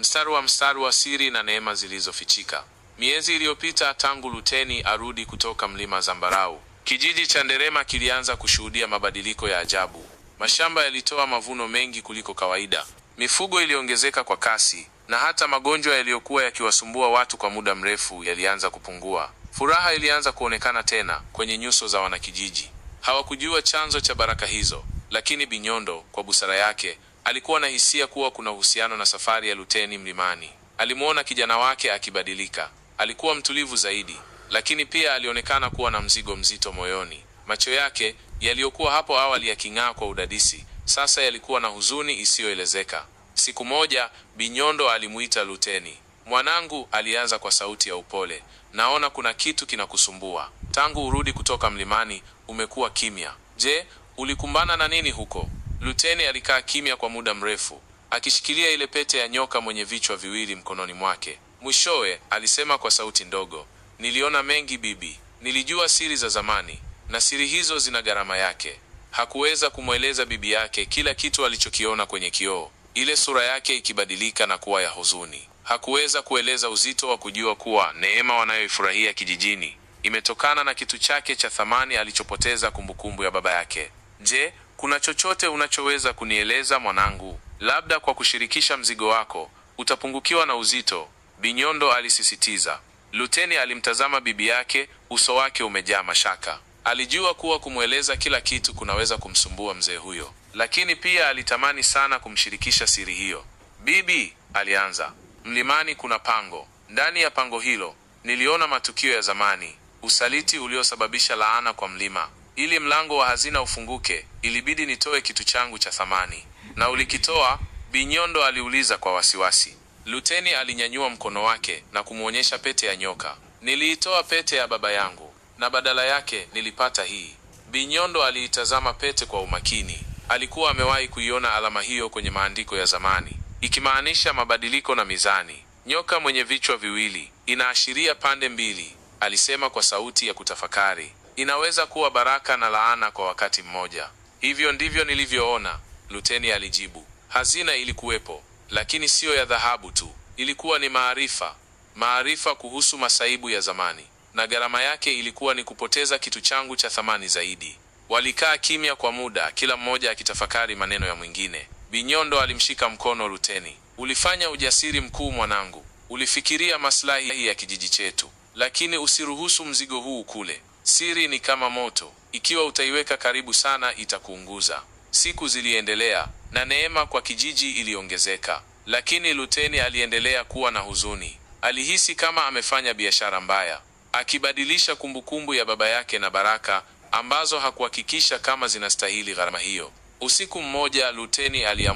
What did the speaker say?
Mstari wa mstari wa siri na neema zilizofichika. Miezi iliyopita tangu Luteni arudi kutoka mlima Zambarau, kijiji cha Nderema kilianza kushuhudia mabadiliko ya ajabu. Mashamba yalitoa mavuno mengi kuliko kawaida, mifugo iliongezeka kwa kasi, na hata magonjwa yaliyokuwa yakiwasumbua watu kwa muda mrefu yalianza kupungua. Furaha ilianza kuonekana tena kwenye nyuso za wanakijiji. Hawakujua chanzo cha baraka hizo, lakini Binyondo kwa busara yake Alikuwa na hisia kuwa kuna uhusiano na safari ya Luteni mlimani. Alimwona kijana wake akibadilika, alikuwa mtulivu zaidi, lakini pia alionekana kuwa na mzigo mzito moyoni. Macho yake yaliyokuwa hapo awali yaking'aa kwa udadisi, sasa yalikuwa na huzuni isiyoelezeka. Siku moja, Binyondo alimuita Luteni. Mwanangu, alianza kwa sauti ya upole, naona kuna kitu kinakusumbua. Tangu urudi kutoka mlimani, umekuwa kimya. Je, ulikumbana na nini huko? Luteni alikaa kimya kwa muda mrefu akishikilia ile pete ya nyoka mwenye vichwa viwili mkononi mwake. Mwishowe alisema kwa sauti ndogo, niliona mengi bibi, nilijua siri za zamani na siri hizo zina gharama yake. Hakuweza kumweleza bibi yake kila kitu alichokiona kwenye kioo, ile sura yake ikibadilika na kuwa ya huzuni. Hakuweza kueleza uzito wa kujua kuwa neema wanayoifurahia kijijini imetokana na kitu chake cha thamani alichopoteza, kumbukumbu ya baba yake. Je, kuna chochote unachoweza kunieleza mwanangu? Labda kwa kushirikisha mzigo wako utapungukiwa na uzito, Binyondo alisisitiza. Luteni alimtazama bibi yake, uso wake umejaa mashaka. Alijua kuwa kumweleza kila kitu kunaweza kumsumbua mzee huyo, lakini pia alitamani sana kumshirikisha siri hiyo. Bibi, alianza, mlimani kuna pango. Ndani ya pango hilo niliona matukio ya zamani, usaliti uliosababisha laana kwa mlima ili mlango wa hazina ufunguke, ilibidi nitoe kitu changu cha thamani. Na ulikitoa? Binyondo aliuliza kwa wasiwasi. Luteni alinyanyua mkono wake na kumwonyesha pete ya nyoka. Niliitoa pete ya baba yangu na badala yake nilipata hii. Binyondo aliitazama pete kwa umakini. Alikuwa amewahi kuiona alama hiyo kwenye maandiko ya zamani, ikimaanisha mabadiliko na mizani. Nyoka mwenye vichwa viwili inaashiria pande mbili, alisema kwa sauti ya kutafakari inaweza kuwa baraka na laana kwa wakati mmoja. Hivyo ndivyo nilivyoona, Luteni alijibu. Hazina ilikuwepo, lakini siyo ya dhahabu tu. Ilikuwa ni maarifa, maarifa kuhusu masaibu ya zamani, na gharama yake ilikuwa ni kupoteza kitu changu cha thamani zaidi. Walikaa kimya kwa muda, kila mmoja akitafakari maneno ya mwingine. Binyondo alimshika mkono Luteni. Ulifanya ujasiri mkuu, mwanangu. Ulifikiria maslahi ya kijiji chetu, lakini usiruhusu mzigo huu kule. Siri ni kama moto, ikiwa utaiweka karibu sana itakuunguza. Siku ziliendelea na neema kwa kijiji iliongezeka, lakini Luteni aliendelea kuwa na huzuni. Alihisi kama amefanya biashara mbaya, akibadilisha kumbukumbu ya baba yake na Baraka ambazo hakuhakikisha kama zinastahili gharama hiyo. Usiku mmoja Luteni aliamua